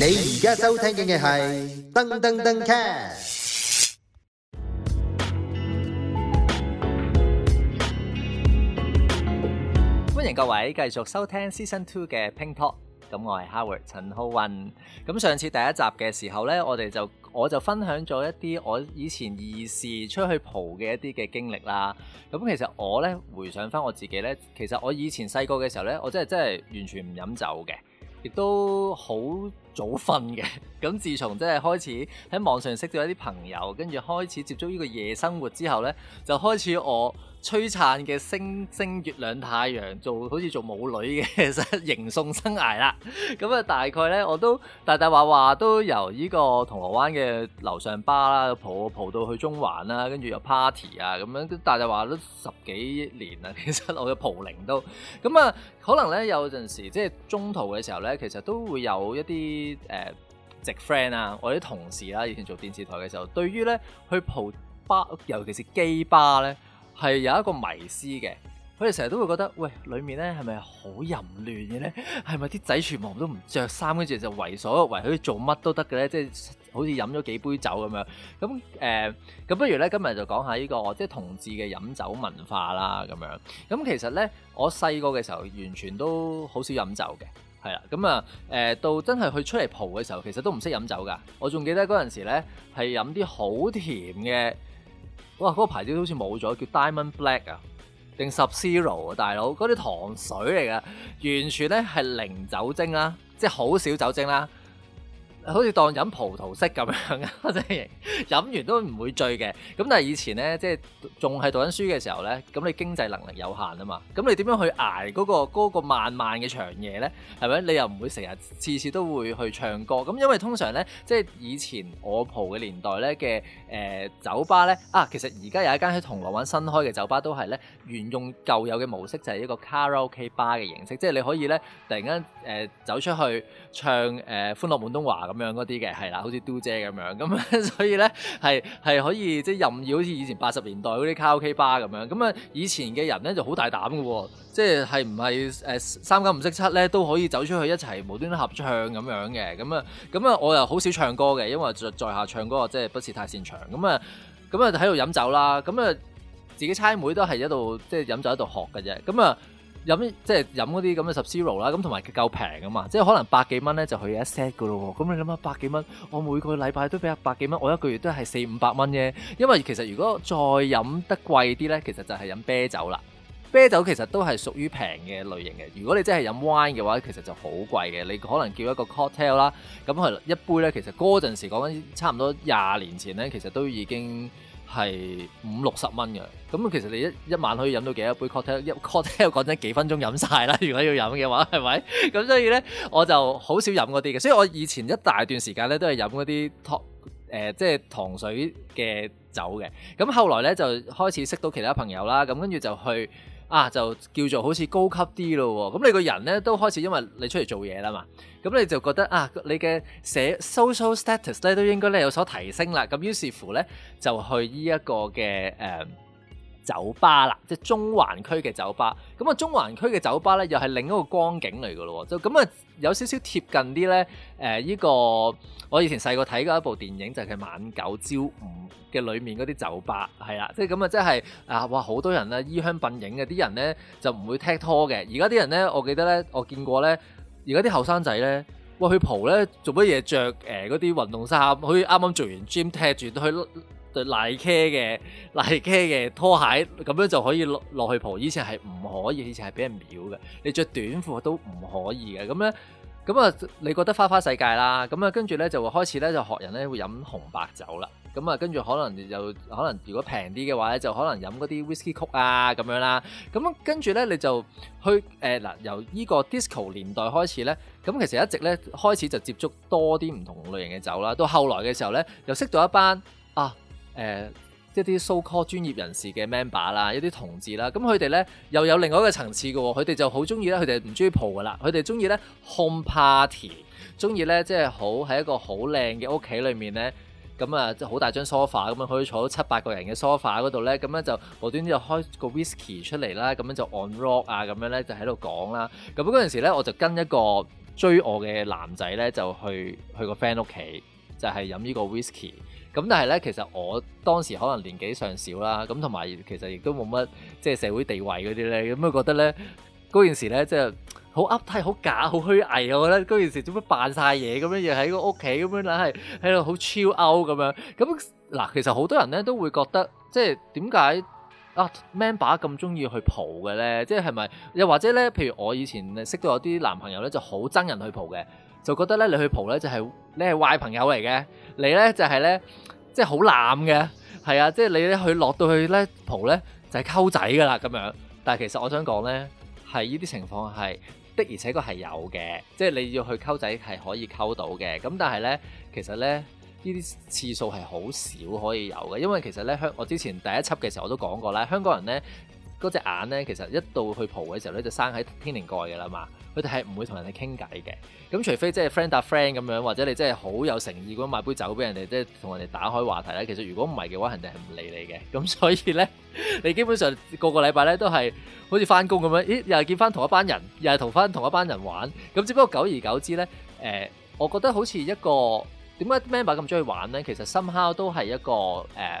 你而家收聽嘅係登登登 cast 歡迎各位繼續收聽 season two 嘅 Ping Talk，咁我係 Howard 陳浩云，咁上次第一集嘅時候呢，我哋就我就分享咗一啲我以前兒時出去蒲嘅一啲嘅經歷啦，咁其實我呢，回想翻我自己呢，其實我以前細個嘅時候呢，我真係真係完全唔飲酒嘅，亦都好。早瞓嘅，咁自從即係開始喺網上識咗一啲朋友，跟住開始接觸呢個夜生活之後呢，就開始我璀璨嘅星星月亮太陽，做好似做舞女嘅其實 迎送生涯啦。咁啊，大概呢，我都大大話話都由呢個銅鑼灣嘅樓上吧啦，蒲蒲到去中環啦，跟住又 party 啊咁樣，大大話都十幾年啦，其實我嘅蒲齡都咁啊，可能呢，有陣時即係中途嘅時候呢，其實都會有一啲。啲誒直 friend 啊，我啲同事啦，以前做電視台嘅時候，對於咧去蒲巴，尤其是基巴咧，係有一個迷思嘅。佢哋成日都會覺得，喂，裡面咧係咪好淫亂嘅咧？係咪啲仔全部都唔着衫，跟住就為所欲為，佢做乜都得嘅咧？即係好似飲咗幾杯酒咁樣。咁誒，咁，呃，不如咧，今日就講下呢個即係同志嘅飲酒文化啦，咁樣。咁其實咧，我細個嘅時候完全都好少飲酒嘅。係啦，咁啊、嗯，誒到真係去出嚟蒲嘅時候，其實都唔識飲酒㗎。我仲記得嗰陣時咧，係飲啲好甜嘅，哇！嗰、那個牌子好似冇咗，叫 Diamond Black 啊，定 Sub Zero 啊，大佬，嗰啲糖水嚟㗎，完全咧係零酒精啦、啊，即係好少酒精啦、啊。好似當飲葡萄式咁樣啊！ 即係飲完都唔會醉嘅。咁但係以前咧，即係仲係讀緊書嘅時候咧，咁你經濟能力有限啊嘛。咁你點樣去挨嗰個嗰個漫漫嘅長夜咧？係咪？你又唔會成日次次都會去唱歌。咁因為通常咧，即係以前我蒲嘅年代咧嘅誒酒吧咧啊，其實而家有一間喺銅鑼灣新開嘅酒吧都係咧沿用舊有嘅模式，就係一個卡拉 OK bar 嘅形式，即係你可以咧突然間誒走出去唱誒歡樂滿東華咁。咁樣嗰啲嘅係啦，好似嘟姐咁樣，咁、 嗯、 所以咧係係可以即係任意，好似以前八十年代嗰啲卡拉 OK 吧咁樣。咁啊，以前嘅人咧就好大膽嘅喎，即係係唔係誒三九唔識七咧都可以走出去一齊無端端合唱咁樣嘅。咁啊咁啊，我又好少唱歌嘅，因為在在下唱歌即係不是太擅長。咁啊咁啊，就喺度飲酒啦。咁啊自己差妹都係喺度即係飲酒喺度學嘅啫。咁啊。飲即係飲嗰啲咁嘅 Sub Zero 啦，咁同埋佢夠平啊嘛，即係可能百幾蚊咧就可以一 set 嘅咯喎，咁你諗下百幾蚊，我每個禮拜都俾一百幾蚊，我一個月都係四五百蚊啫。因為其實如果再飲得貴啲咧，其實就係飲啤酒啦。啤酒其實都係屬於平嘅類型嘅。如果你真係飲 wine 嘅話，其實就好貴嘅。你可能叫一個 cocktail 啦，咁係一杯咧，其實嗰陣時講緊差唔多廿年前咧，其實都已經。係五六十蚊嘅，咁其實你一一晚可以飲到幾多杯？cocktail 一 cocktail 講緊幾分鐘飲晒啦，如果要飲嘅話，係咪？咁 所以咧，我就好少飲嗰啲嘅。所以我以前一大段時間咧都係飲嗰啲糖誒、呃，即係糖水嘅酒嘅。咁後來咧就開始識到其他朋友啦，咁跟住就去。啊，就叫做好似高級啲咯喎，咁你個人呢都開始因為你出嚟做嘢啦嘛，咁你就覺得啊，你嘅社 social status 呢都應該呢有所提升啦，咁於是乎呢，就去呢一個嘅誒。嗯酒吧啦，即係中環區嘅酒吧。咁啊，中環區嘅酒吧咧，又係另一個光景嚟嘅咯。就咁啊，有少少貼近啲咧。誒、呃，依、呢個我以前細個睇過一部電影就係、佢《晚九朝五》嘅裏面嗰啲酒吧係啦。即係咁啊，真係啊，哇！好多人咧衣香鬢影嘅，啲人咧就唔會踢拖嘅。而家啲人咧，我記得咧，我見過咧，而家啲後生仔咧，喂、呃、去蒲咧做乜嘢着誒嗰啲運動衫，好似啱啱做完 gym 踢住去。瀨茄嘅、瀨茄嘅拖鞋咁樣就可以落落去蒲，以前係唔可以，以前係俾人秒嘅。你着短褲都唔可以嘅。咁咧，咁啊，你覺得花花世界啦，咁啊，跟住咧就會開始咧就學人咧會飲紅白酒啦。咁啊，跟住可能就可能如果平啲嘅話咧，就可能飲嗰啲 whisky 曲啊咁樣啦。咁跟住咧你就去誒嗱、呃，由呢個 disco 年代開始咧，咁其實一直咧開始就接觸多啲唔同類型嘅酒啦。到後來嘅時候咧，又識到一班啊。誒，即係啲 so called 專業人士嘅 member 啦，一啲同志啦，咁佢哋咧又有另外一個層次嘅喎，佢哋就好中意咧，佢哋唔中意蒲㗎喇，佢哋中意咧 home party，中意咧即係好喺一個好靚嘅屋企裏面咧，咁啊即好大張 sofa 咁樣可以坐到七八個人嘅 sofa 嗰度咧，咁咧就無端端就開個 whisky 出嚟啦，咁樣就 on rock 啊咁樣咧就喺度講啦，咁嗰陣時咧我就跟一個追我嘅男仔咧就去去個 friend 屋企。就係飲呢個 whisky，e 咁但係咧，其實我當時可能年紀尚少啦，咁同埋其實亦都冇乜即係社會地位嗰啲咧，咁覺得咧嗰陣時咧即係好噏態，好假，好虛偽，我覺得嗰陣時做乜扮晒嘢咁樣，又喺個屋企咁樣，硬係喺度好超 out 咁樣。咁嗱，其實好多人咧都會覺得即係點解啊 man 把咁中意去蒲嘅咧？即係係咪又或者咧？譬如我以前識到有啲男朋友咧，就好憎人去蒲嘅。就覺得咧，你去蒲咧就係、是、你係壞朋友嚟嘅，你咧就係咧即係好濫嘅，係啊，即係你咧去落到去咧蒲咧就係溝仔㗎喇咁樣。但係其實我想講咧，係呢啲情況係的，的，而且確係有嘅，即係你要去溝仔係可以溝到嘅。咁但係咧，其實咧呢啲次數係好少可以有嘅，因為其實咧香我之前第一輯嘅時候我都講過喇，香港人咧。嗰隻眼咧，其實一到去蒲嘅時候咧，就生喺天靈蓋嘅啦嘛。佢哋係唔會同人哋傾偈嘅。咁除非即係 friend 搭 friend 咁樣，或者你真係好有誠意咁買杯酒俾人哋，即係同人哋打開話題咧。其實如果唔係嘅話，人哋係唔理你嘅。咁所以咧，你基本上個個禮拜咧都係好似翻工咁樣，咦？又係見翻同一班人，又係同翻同一班人玩。咁只不過久而久之咧，誒、呃，我覺得好似一個點解 Mamba 咁中意玩咧？其實深烤都係一個誒。呃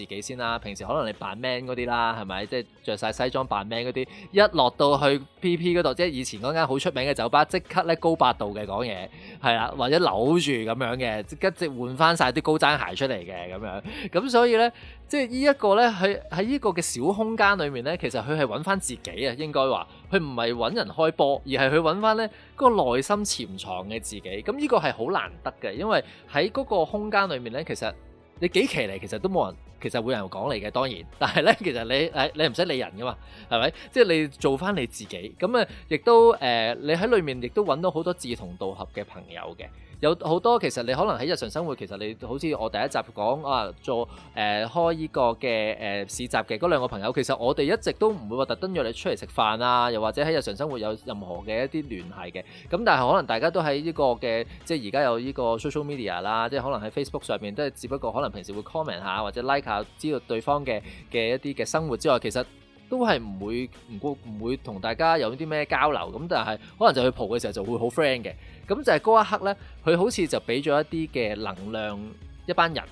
自己先啦，平時可能你扮 man 嗰啲啦，係咪？即係着晒西裝扮 man 嗰啲，一落到去 P.P. 嗰度，即係以前嗰間好出名嘅酒吧，即刻咧高八度嘅講嘢，係啦，或者扭住咁樣嘅，即刻即換翻晒啲高踭鞋出嚟嘅咁樣。咁所以呢，即係呢一個呢，喺喺呢個嘅小空間裏面呢，其實佢係揾翻自己啊，應該話，佢唔係揾人開波，而係佢揾翻呢嗰個內心潛藏嘅自己。咁呢個係好難得嘅，因為喺嗰個空間裏面呢，其實你幾騎嚟，其實都冇人。其實會有人講你嘅，當然。但係咧，其實你誒你唔使理人㗎嘛，係咪？即係你做返你自己，咁啊，亦都誒你喺裏面亦都揾到好多志同道合嘅朋友嘅。有好多其實你可能喺日常生活，其實你好似我第一集講啊，做誒、呃、開呢個嘅誒市集嘅嗰兩個朋友，其實我哋一直都唔會話特登約你出嚟食飯啊，又或者喺日常生活有任何嘅一啲聯繫嘅。咁但係可能大家都喺呢個嘅即係而家有呢個 social media 啦，即係可能喺 Facebook 上面，都係只不過可能平時會 comment 下或者 like 下，知道對方嘅嘅一啲嘅生活之外其實，都係唔會唔會唔會同大家有啲咩交流咁，但係可能就去蒲嘅時候就會好 friend 嘅。咁就係嗰一刻呢，佢好似就俾咗一啲嘅能量，一班人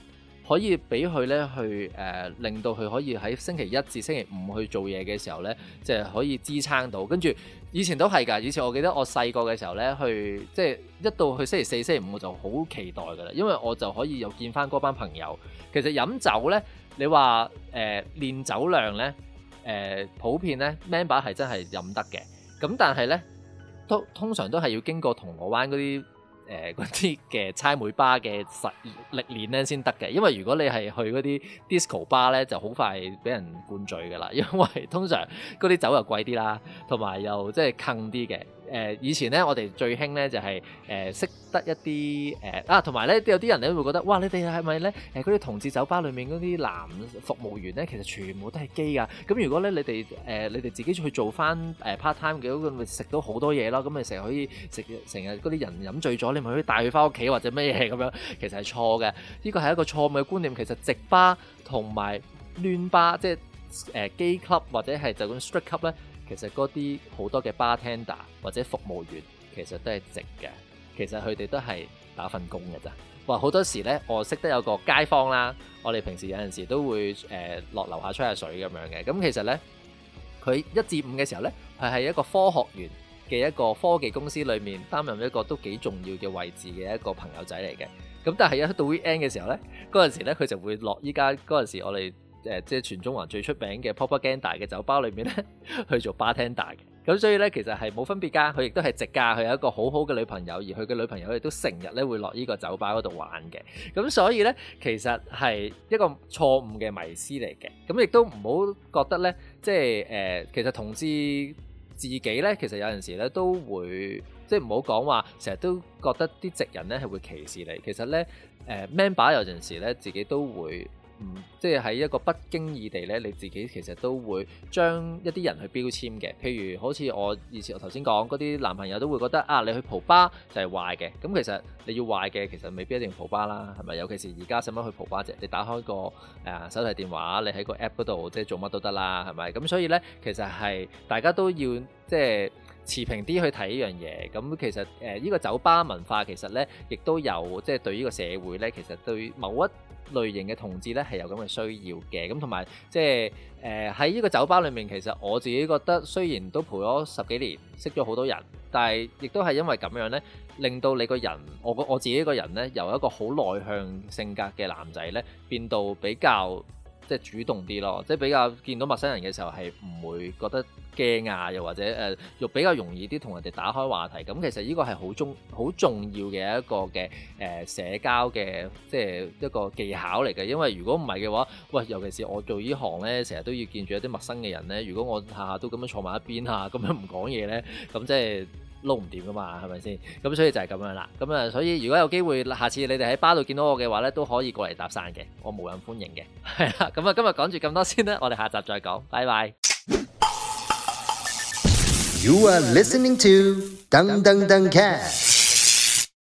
可以俾佢呢去誒、呃，令到佢可以喺星期一至星期五去做嘢嘅時候呢，即係、可以支撐到。跟住以前都係㗎，以前我記得我細個嘅時候呢，去即係、就是、一到去星期四、星期五，我就好期待㗎啦，因為我就可以又見翻嗰班朋友。其實飲酒呢，你話誒、呃、練酒量呢。誒、呃、普遍咧，member 係真係飲得嘅，咁但係咧，通通常都係要經過銅鑼灣嗰啲誒啲嘅差妹吧嘅實力練咧先得嘅，因為如果你係去嗰啲 disco bar 咧，就好快俾人灌醉噶啦，因為通常嗰啲酒又貴啲啦，同埋又即係坑啲嘅。誒以前咧，我哋最興咧就係誒識得一啲誒啊，同埋咧有啲人咧會覺得，哇！你哋係咪咧誒嗰啲同志酒吧裏面嗰啲男服務員咧，其實全部都係基㗎。咁如果咧你哋誒、呃、你哋自己去做翻誒 part time 嘅嗰個，食到好多嘢咯。咁咪成日可以食，成日嗰啲人飲醉咗，你咪可以帶佢翻屋企或者乜嘢咁樣，其實係錯嘅。呢個係一個錯誤嘅觀念。其實直巴同埋攣巴，即係誒 gay club 或者係就咁 straight club 咧。其實嗰啲好多嘅 bartender 或者服務員其實都係直嘅，其實佢哋都係打份工嘅咋。哇！好多時呢，我識得有個街坊啦，我哋平時有陣時都會誒落、呃、樓下吹下水咁樣嘅。咁其實呢，佢一至五嘅時候呢，佢係一個科學員嘅一個科技公司裏面擔任一個都幾重要嘅位置嘅一個朋友仔嚟嘅。咁但係一到 weekend 嘅時候呢，嗰陣時呢佢就會落依家嗰陣時我哋。誒，即係、呃、全中環最出名嘅 Propaganda 嘅酒吧裏面咧，去做 bartender 嘅。咁所以咧，其實係冇分別㗎。佢亦都係直㗎，佢有一個好好嘅女朋友，而佢嘅女朋友亦都成日咧會落依個酒吧嗰度玩嘅。咁所以咧，其實係一個錯誤嘅迷思嚟嘅。咁亦都唔好覺得咧，即係誒、呃，其實同志自己咧，其實有陣時咧都會，即係唔好講話，成日都覺得啲直人咧係會歧視你。其實咧，誒 member 有陣時咧自己都會。嗯，即係喺一個不經意地咧，你自己其實都會將一啲人去標籤嘅，譬如好似我以前我頭先講嗰啲男朋友都會覺得啊，你去蒲吧就係壞嘅。咁、嗯、其實你要壞嘅其實未必一定蒲吧啦，係咪？尤其是而家使乜去蒲吧啫？你打開個誒、呃、手提電話，你喺個 app 嗰度即係做乜都得啦，係咪？咁所以呢，其實係大家都要即係持平啲去睇呢樣嘢。咁、嗯、其實誒呢、呃這個酒吧文化其實呢亦都有即係對呢個社會呢，其實對某一。類型嘅同志呢，係有咁嘅需要嘅，咁同埋即係喺呢個酒吧裏面，其實我自己覺得雖然都陪咗十幾年，識咗好多人，但係亦都係因為咁樣呢，令到你個人，我個我自己個人呢，由一個好內向性格嘅男仔呢，變到比較。即係主動啲咯，即係比較見到陌生人嘅時候係唔會覺得驚訝，又或者誒、呃，又比較容易啲同人哋打開話題。咁、嗯、其實呢個係好中好重要嘅一個嘅誒、呃、社交嘅即係一個技巧嚟嘅。因為如果唔係嘅話，喂、呃，尤其是我做呢行咧，成日都要見住一啲陌生嘅人咧。如果我下下都咁樣坐埋一邊啊，咁樣唔講嘢咧，咁即係。撈唔掂噶嘛，係咪先？咁所以就係咁樣啦。咁啊，所以如果有機會，下次你哋喺巴度見到我嘅話咧，都可以過嚟搭訕嘅，我無任歡迎嘅。係啦，咁啊，今日講住咁多先啦，我哋下集再講，拜拜。You are listening to 噔噔噔 k e